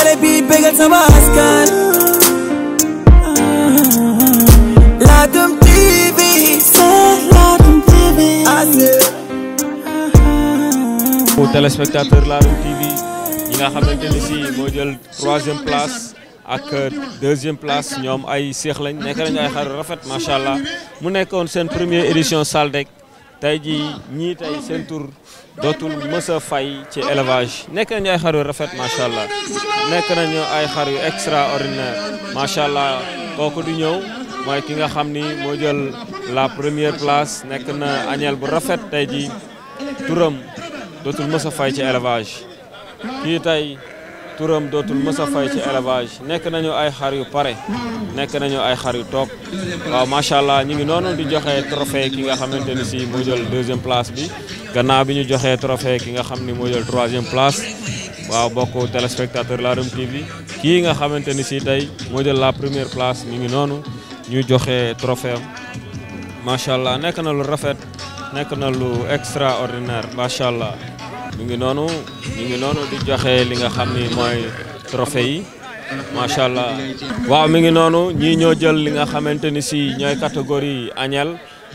télé bi bégal sama askan TV Ladoum TV pour téléspectateur Ladoum ni si moo jël troisième place ak euh, deuxième place ñoom ay seex lañ nekk lañ ay xar rafet macha allah mu nekkoon seen premier édition Saldek tey jii ñii tey seen tur dootul mës fay ci élevage nekk nañu ay xar yu rafet macha allah nekk nañu ay xar yu extraordinaire macha allah kooku du ñëw mooy ki nga xam ni moo jël la première place nekk na añeel bu rafet tey jii turam dootul mës fay ci élevage kii tey turam dootul mës a fay ci élevage nekk nañu ay xar yu pare nekk nañu ay xar yu toog waaw macha allah ñu ngi noonu di joxe trophée ki nga xamante ni si moo jël deuxième place bi gannaaw bi ñu joxee trophée ki nga xam ni moo jël troisième place waaw bokk téléspectateur Ladoum TV kii nga xamante ni si tey moo jël la première place ñu ngi noonu ñu joxe trophée am allah nekk na lu rafet nekk na lu extraordinaire macha allah. ñu ngi noonu ñu di joxe li nga xam ni mooy trophée yi macha allah waaw mi ngi noonu ñii ñoo jël li nga xamante ni si ñooy catégorie añel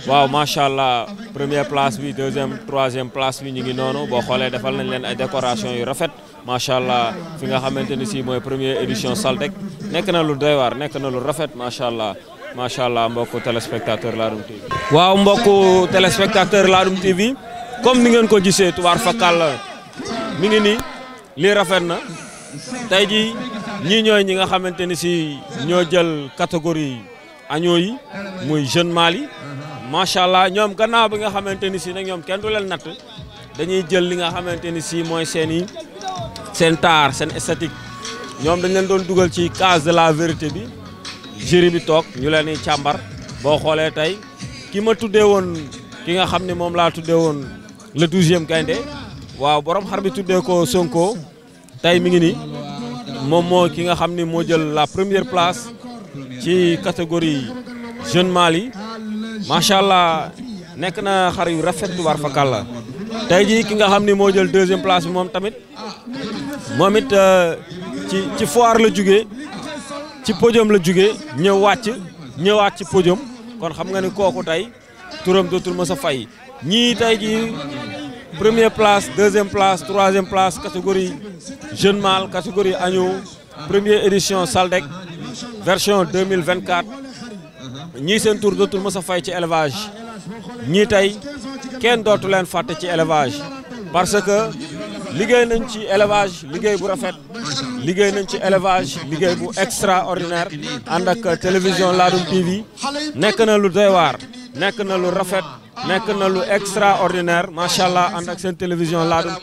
waaw macha allah premier place bi deuxième troisième place bi ñu ngi noonu boo xoolee defal nañ leen ay décoration yu rafet macha allah fi nga xamante ni si mooy premier édition Saldek nekk na lu doy waar nekk na lu rafet macha allah macha allah mbokku téléspectateur Ladoum TV. TV. comme ni ngeen ko gisee tubaar fakal mi ngi nii lii rafet na tey jii ñii ñooy ñi nga xamante ni si ñoo jël catégorie añoo yi muy jeune mâle yi macha allah ñoom gannaaw bi nga xamante ni si nag ñoom kenn du leen natt dañuy jël li nga xamante ni si mooy seen i seen taar seen esthétique ñoom dañ leen doon dugal ci case de la vérité bi jury bi toog ñu leen di càmbar boo xoolee tey ki ma tuddee woon ki nga xam ne moom laa tuddee woon. le douzième gaynde waaw borom xar bi tuddee ko Sonko tey mi ngi ni moom moo ki nga xam ni moo jël la première place ci catégorie jeune mâle yi macha allah nekk na xar yu rafet war fa kàlla tey jii ki nga xam ni moo jël deuxième place bi moom tamit moom it euh, ci ci foire la juge ci podium la juge ñëw wàcc ñëwaat ci podium kon xam nga ni kooku tey turam dootul ma sa fay. ñii tey jii première place deuxième place troisième place catégorie jeune mâle catégorie agneau première édition Saldec version 2024 ñii seen tour dootul mës a fay ci élevage ñii tey kenn dootu leen fàtte ci élevage parce que liggéey nañ ci élevage liggéey bu rafet liggéey nañ ci élevage liggéey bu extraordinaire ànd ak télévision Ladoum TV nekk na lu doy waar nekk na lu rafet nekk na lu extraordinaire macha allah ànd ak seen télévision Ladoum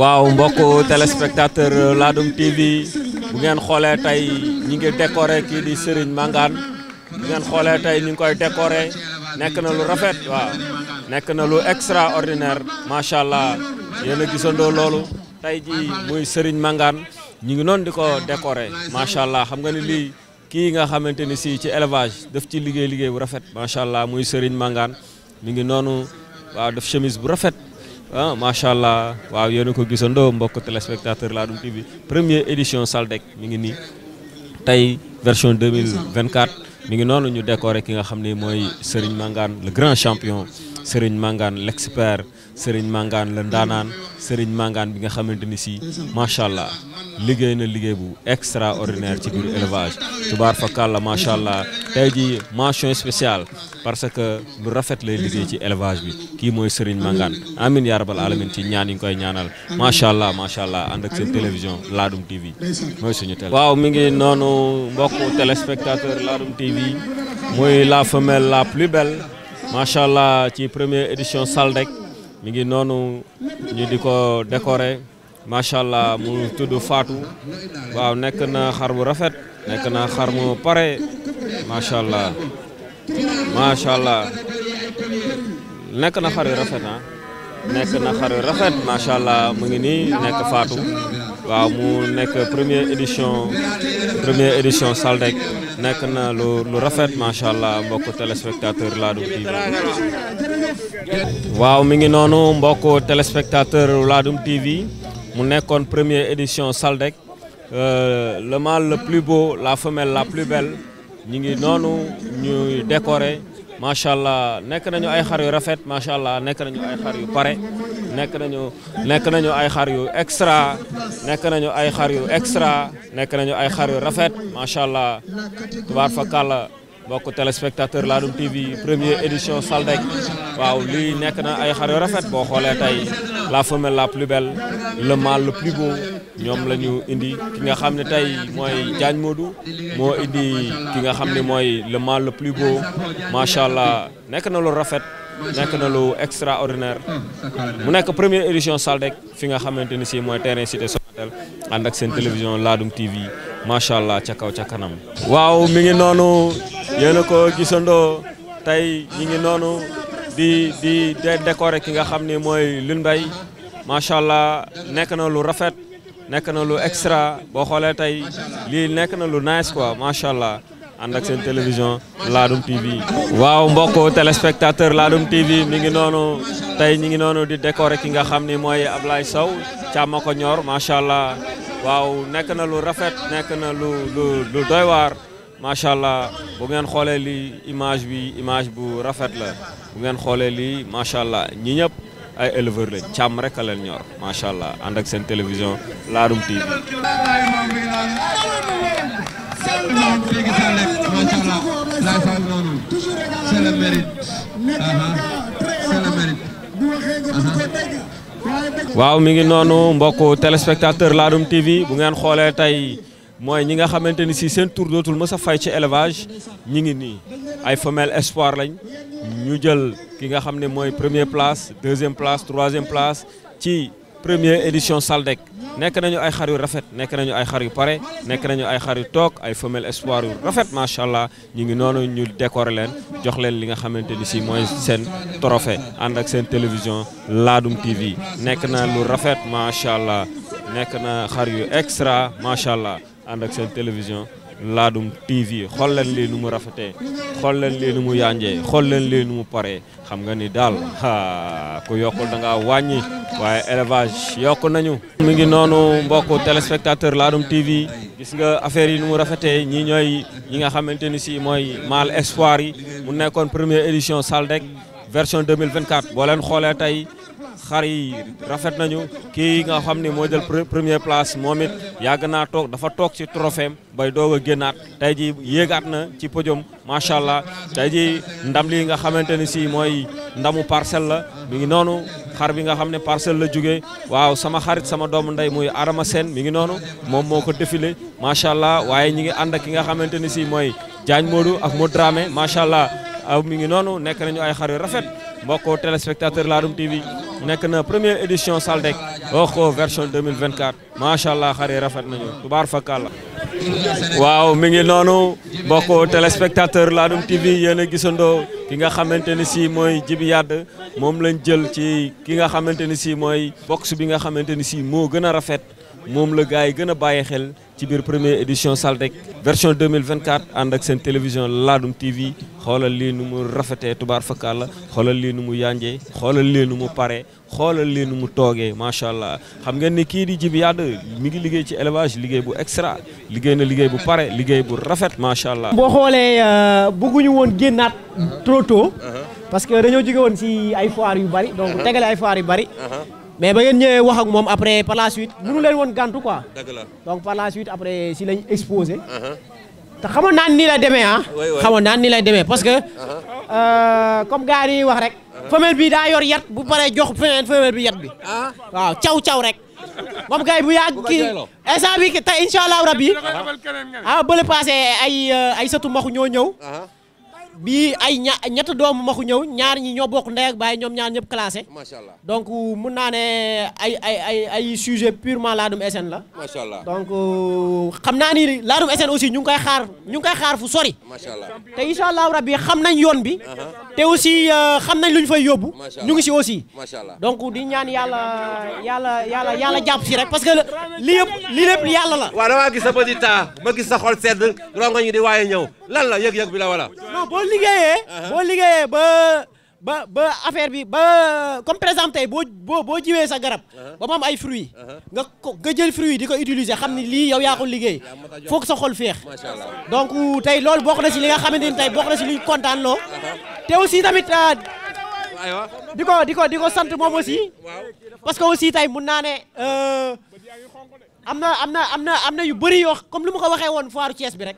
waaw mbokk téléspectateur Ladoum TV bu ngeen xoolee tey ñi ngi décoré kii di Serigne Mangane bu ngeen xoolee tey ñu ngi koy décoré nekk na lu rafet waaw nekk na lu extraordinaire macha allah yéen a gisandoo loolu tey ji muy Serigne Mangane ñu ngi noonu di ko décorer macha allah xam nga ni lii kii nga xamante ni si ci élevage def ci liggéey liggéey bu rafet macha allah muy Serigne Mangane mi ngi noonu waaw def chemise bu rafet ah macha allah waaw yéen a ko gisandoo mbokk téléspectateur Ladoum TV premier édition Saldec mi ngi nii tey version 2024 mi ngi noonu ñu décorer ki nga xam ne mooy Serigne Mangane le grand champion sëriñ Mangane l'expert sëriñ Mangane la ndaanaan sëriñ Mangane bi nga xamante ni si macha allah liggéey na liggéey bu extraordinaire ci biir élevage tubaar fa kàlla macha allah tey jii mention spéciale parce que lu rafet lay liggéey ci élevage bi kii mooy sëriñ Mangane amin yaa rabal alamin ci ñaan yi ñu koy ñaanal macha allah macha allah ànd ak seen télévision Ladoum TV mooy suñu télé. waaw mi ngi noonu mbokku téléspectateur Ladoum TV muy la femelle la plus macha allah ci première édition Saldek mi ngi noonu ñu di ko décorer macha allah mu tudd faatu waaw nekk na xar bu rafet nekk na xar mu pare macha allah macha allah nekk na xar yu rafet ah nekk na xar yu rafet macha allah mu ngi nii nekk Fatou waaw mu nekk première édition première édition Saldek. nekk na lu lu rafet macha allah mbokk téléspectateur Ladoum TV waaw mi ngi noonu mbokk téléspectateur Ladoum TV mu nekkoon première édition Saldek euh, le mâle le plus beau la femelle la plus belle ñu ngi noonu ñuy décorer. macha allah nekk nañu ay xar yu rafet macha allah nekk nañu ay xar yu pare nekk nañu nekk nañu ay xar yu extra nekk nañu ay xar yu extra nekk nañu ay xar yu rafet macha allah tubaar fa kàlla mbokk téléspectateur Ladoum TV premier édition Saldek waaw lii nekk na ay xar yu rafet boo xoolee tey la femelle la plus belle le mâle le plus beau. ñoom la ñu indi ki nga xam ne tey mooy Diagne Modou moo indi ki nga xam ni mooy le mal le plus beau macha allah nekk na lu rafet nekk na lu extraordinaire mu nekk premier édition Saldek fi nga xamante ni si mooy terrain cité Sonatel ànd ak seen télévision Ladoum TV macha allah ca kaw ca kanam. waaw mi ngi noonu yéen a ko gisandoo tey ñi ngi noonu di di ki nga xam ne mooy Lune Mbaye macha allah nekk na lu rafet. nekk na lu extra boo xoolee tey lii nekk na lu nice quoi macha allah ànd ak seen télévision Ladoum TV. waaw mbokk téléspectateur Ladoum TV mi ngi noonu tey ñi ngi noonu di décorer ki nga xam ni mooy Ablaye Sow càmm ko ñor macha allah waaw nekk na lu rafet nekk na lu lu lu macha allah bu ngeen xoolee lii image bi image bu rafet la bu ngeen xoolee lii macha allah ñi ñëpp. ay éleveur lañ càmm rek a leen ñor macha allah ànd ak seen télévision Ladoum TV. waaw mi ngi noonu mbokk téléspectateur Ladoum TV bu ngeen xoolee tey. mooy ñi nga xamante ni si seen tur dootul mës a fay ci élevage ñi ngi nii ay femelle espoir lañ ñu jël ki nga xam ne mooy premier place deuxième place troisième place ci premier édition Saldec nekk nañu ay xar yu rafet nekk nañu ay xar yu pare nekk nañu ay xar yu toog ay femelle espoir yu rafet macha allah ñu ngi noonu ñu décorer leen jox leen li nga xamante ni si mooy seen trophée ànd ak seen télévision Ladoum TV nekk na lu rafet macha allah nekk na xar yu extra macha allah. ànd ak seen télévision laadum TV xool leen lii nu mu rafetee xool leen lii nu mu yànjee xool leen lii nu mu paree xam nga ni daal ku yokkul da ngaa wàññi waaye élevage yokk nañu. mi ngi noonu mbokku téléspectateur Ladoum TV gis nga affaire yi nu mu rafetee ñi ñooy ñi nga xamante ni si mooy Mâle Espoir yi mu nekkoon première édition Saldec version 2024 boo leen xoolee tey. xar yi rafet nañu kii nga xam ne moo jël première place moom yàgg naa toog dafa toog ci trophée bay doog a génnaat tey ji yéegaat na ci podium macha allah tey ji ndam lii nga xamante ni si mooy ndamu parcelle la mi ngi noonu xar bi nga xam ne parcelle la jógee waaw sama xarit sama doomu ndey muy Adama Sène mi ngi noonu moom moo ko défilé macha allah waaye ñi ngi ànd ak ki nga xamante ni si mooy Diagne Modou ak Modou Dramé macha allah mi ngi noonu nekk nañu ay xar yu rafet mbokk téléspectateur Ladoum TV nekk na première édition Saldek Roxo version 2024 macha allah xar rafet nañu tubaar fakalla waaw mi ngi noonu mbokk téléspectateur Ladoum TV yéen a gisandoo ki nga xamante ni si mooy Djiby Yade moom lañ jël ci ki nga xamante ni si mooy box bi nga xamante ni si moo gën a rafet. moom la gars yi gën a bàyyi xel ci biir première édition Saldek version 2024 ànd ak seen télévision Ladoum TV xoolal lii nu mu rafetee tubaar fakkaal la xoolal lii nu mu yànjee xoolal lii nu mu paree xoolal lii nu mu toogee macha allah xam ngeen ni kii di Djiby Yade mi ngi liggéey ci élevage liggéey bu extra liggéey na liggéey bu pare liggéey bu rafet macha allah. boo xoolee euh, bëgguñu woon génnaat trop tôt uh-huh. parce que dañoo jóge woon si ay foire yu bari donc uh-huh. tegale ay foire yu mais ba ngeen ñëwee wax ak moom après par la suite mënu leen woon gàntu quoi. dëgg la donc par la suite après si lañ exposé. Uh-huh. te xamoon naa ni lay demee ah. xamoon naa ni lay demee parce que. Uh-huh. Euh, comme gars yi wax rek. Uh-huh. femelle bi daa yor yat bu paree jox feneen femelle bi yat bi. Ah. waaw caw caw rek. moom gars yi bu yàgg kii instant bi te incha allah rabi ah bële passé ay euh, ay sëtu ñoo ñëw. bii ay ña ñett doomu maxu ñëw ñaar ñi ñoo bokk ndey ak baay ñoom ñaar ñëpp classé. macha allah donc mun naa ne ay ay ay ay sujet purement Ladoum SN la. macha allah donc euh, xam naa ni Ladoum SN aussi ñu ngi koy xaar ñu ngi xaar fu sori. macha allah te incha rab rabbi xam nañ yoon bi. Uh-huh. te aussi euh, xam nañ lu ñu fay yóbbu. ñu ngi si aussi. macha allah donc di ñaan yàlla yàlla yàlla yàlla jàpp si rek parce que li lépp yàlla la. waaw damaa gis sa petit temps ma gis sa xol sedd rongo ñu di waaye ñëw lan la yëg-yëg bi la wala. non boo liggéeyee. Uh-huh. boo liggéeyee ba ba ba affaire bi ba comme par exemple boo boo boo jiwee sa garab. Uh-huh. ba mu am ay fruits. Uh-huh. nga ko nga jël fruits di ko utiliser xam ni lii yow yaa ko liggéey. foog sa xol féex. donc tey loolu bokk na si li nga xamante ni tey bokk na si li ñu kontaan loo. te aussi tamit. Euh, di ko di ko di ko sant moom aussi parce que aussi tey mun naa ne euh, am na am na am na am na yu bëri yoo comme lu ma ko waxee woon foire Thiès bi rek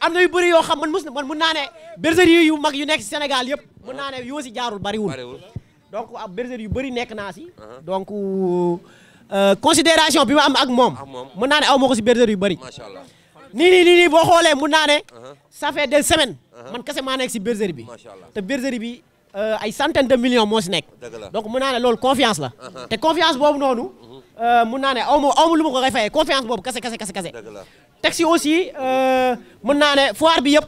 am na yu bëri yoo xam man mus man mun naa ne bergerie yu mag yu nekk si Sénégal yëpp mun naa ne yoo si jaarul bariwul donc ab bergerie yu bëri nekk naa si uh-huh. donc euh, considération bi ma am ak moom mun naa ne aw ma ko si bergerie yu bëri nii nii nii nii boo xoolee mun naa ne uh-huh. ça fait des semaines uh-huh. man kese maa nekk si bergerie bi te bergerie bi euh, ay centaine de million moo si nekk donc mun naa ne loolu confiance la te confiance boobu noonu euh, mun naa ne aw ma aw ma lu ma ko koy fayee confiance boobu kase kase kase taxi aussi euh, mën naa ne foire bi yëpp.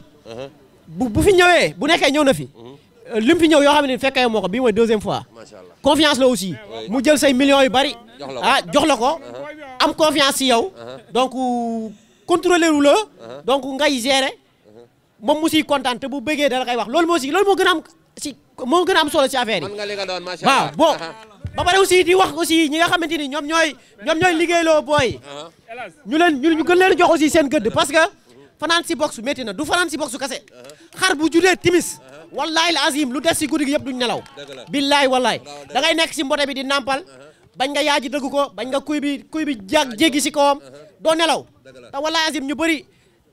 bu bu fi ñëwee bu nekkee ñëw na fi. Euh, li fi ñëw yoo xam ne fekkee moo ko bii mooy deuxième fois. confiance la aussi mu jël say millions yu bari. ah jox la ko uh-huh. am confiance si yow. Uh-huh. donc euh, contrôler wu la. Uh-huh. donc ngay gérer. moom mu si kontaan te bu bëggee dala kay wax loolu moo si loolu moo gën a am si moo gën a am solo si affaire yi. waaw bon. ba pare aussi di wax aussi ñi nga xamante ni ñoom ñooy ñoom ñooy liggéeyloo booy ñu leen ñu gën leen jox aussi seen gëdd parce que fanaan si box métti na du fanaan si box kase xar bu judee timis wallaay la azim lu des si guddi gi yëpp duñ nelaw billaay wallaay dangay ngay nekk si mbote bi di nàmpal bañ nga yaaji dëgg ko bañ nga kuy bi kuy bi jaag jéggi si kawam doo nelaw te wallaay azim ñu bëri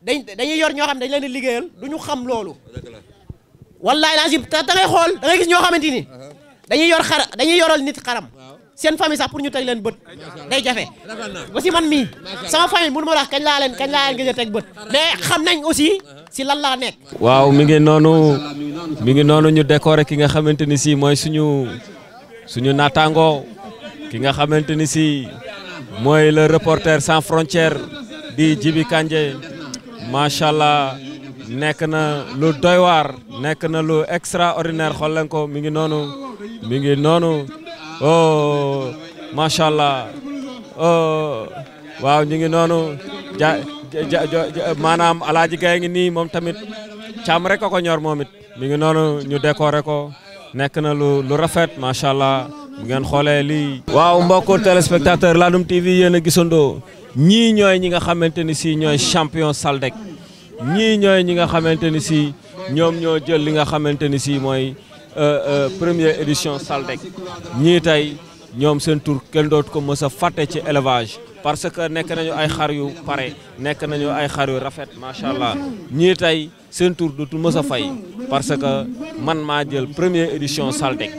dañ dañuy yor ñoo xam dañ leen di liggéeyal du ñu xam loolu wallaay la azim te da ngay xool da ñoo xamante ni dañuy yor xar dañuy yoral nit xaram seen famille sax pour ñu teg leen bët day jafe ba si man mii sama famille mënu ma kañ laa leen kañ laa leen gëj bët mais xam nañ aussi uh-huh. si lan laa nekk. waaw mi ngi noonu mi ngi noonu ñu décorer ki nga xamante ni si mooy suñu suñu naataango ki nga xamante ni si mooy le reporter sans frontière di Djiby Kandje macha allah nekk na lu doy waar nekk na lu extraordinaire xool leen ko mi ngi noonu. mi ngi noonu oh macha allah oh waaw ñu ngi noonu ja maanaam alaaji gay ngi nii moom tamit càmm rek ko ñor moom it mi ngi noonu ñu décorer ko nekk na lu lu rafet macha allah bu xoolee li waaw mbokku téléspectateur Ladoum TV yéen a gisandoo ñii ñooy ñi nga xamante ni si ñooy champion Saldek ñii ñooy ñi nga xamante ni si ñoom ñoo jël li nga xamante ni si mooy. Euh, euh, première édition Saldek ñii tey ñoom seen tur kenn dootu ko mës a fàtte ci élevage parce que nekk nañu ay xar yu pare nekk nañu ay xar yu rafet macha allah ñii seen tur dootu mës a fay parce que man maa jël premier édition Saldek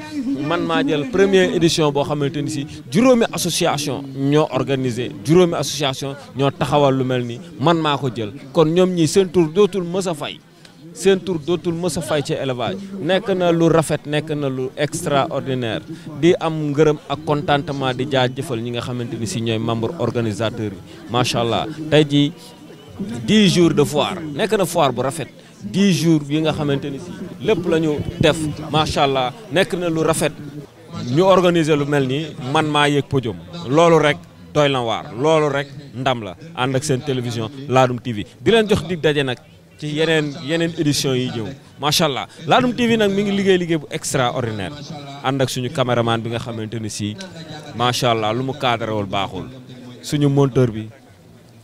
man maa jël premier édition boo xamante ni si juróomi association ñoo organisé juróomi association ñoo taxawal lu mel ni man maa ko jël kon ñoom ñii seen tur dootul mës a fay. seen tour dootul mës a fay ci élevage nekk na lu rafet nekk na lu extraordinaire di am ngërëm ak contentement di jëfal ñi nga xamante ni si ñooy membre organisateur yi macha allah tey jii 10 jours de foire nekk na foire bu rafet 10 jours yi nga xamante ni si lépp la ñu def macha allah nekk na lu rafet ñu organiser lu mel nii man maa yëg podium loolu rek. doy na waar loolu rek ndam la ànd ak seen télévision Ladoum TV di leen jox di daje nag ci yeneen yeneen édition yi ñëw macha allah Ladoum TV nag mi ngi liggéey liggéey bu extraordinaire ànd ak suñu caméraman bi nga xamante ni si macha allah lu mu cadré wul baaxul suñu monteur bi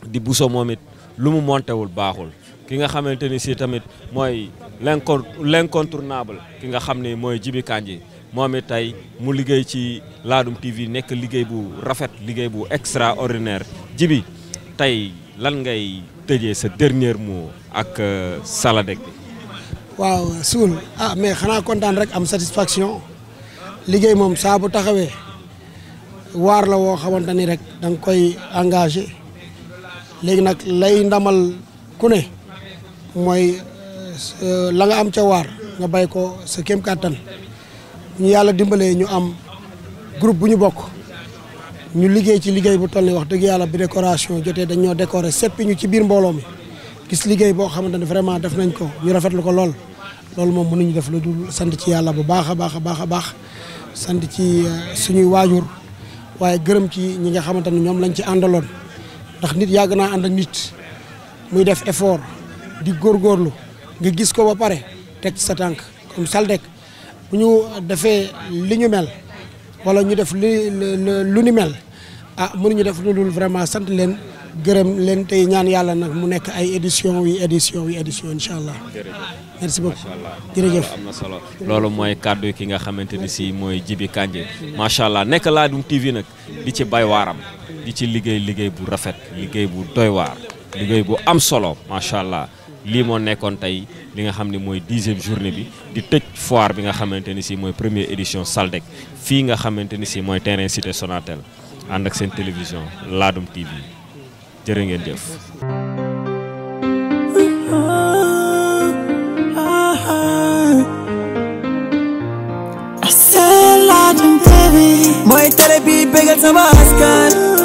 di Bousso moom it lu mu monté wul baaxul ki nga xamante ni si tamit mooy l'incontournable ki nga xam ne mooy Jibi Kanji moom it tey mu liggéey ci Ladoum TV nekk liggéey bu rafet liggéey bu extraordinaire Jibi tey lan ngay. tëjee sa dernier mu ak euh, Saladek bi. waaw suul ah mais xanaa kontaan rek am satisfaction liggéey moom saa bu taxawee waar la woo xamante ni rek danga koy engagé léegi nag lay ndamal ku ne mooy euh, la nga am ca waar nga bay ko sa kem kàttan ñu yàlla dimbalee ñu am groupe bu ñu bokk. ñu liggéey ci liggéey bu toll ni wax dëgg yàlla bi décoration jotee dañoo ñoo décorer seppi ñu ci biir mbooloo mi gis liggéey boo xamante ne def nañ ko ñu rafetlu ko lool loolu moom mënuñu def lu dul sant ci yàlla bu baax a baax a sant ci euh, suñuy waajur waaye gërëm ci ñi nga xamante ne ñoom lañ ci àndaloon ndax nit yàgg naa ànd nit muy def effort di góor góorlu nga gis ko ba pare teg ci sa tànk comme Saldek bu ñu defee li ñu mel wala ñu def li lu ni mel ah ñu def lu dul vraiment sant leen gërëm leen tey ñaan yàlla nag mu nekk ay édition wi édition wi édition incha allah. merci beaucoup jërëjëf am na solo loolu mooy kàddu ki nga xamante ni si mooy jibi Kandji macha allah nekk Ladoum TV nag di ci bay waaram di ci liggéey liggéey bu rafet liggéey bu doy waar liggéey bu am solo macha allah. lii moo nekkoon tey li nga xam ni mooy dixième journée bi di tëj foire bi nga xamante ni si mooy premier édition Saldec fii nga xamante ni si mooy terrain cité Sonatel ànd ak seen télévision Ladoum TV jërë ngeen jëf. mooy télé bi bégal sama askan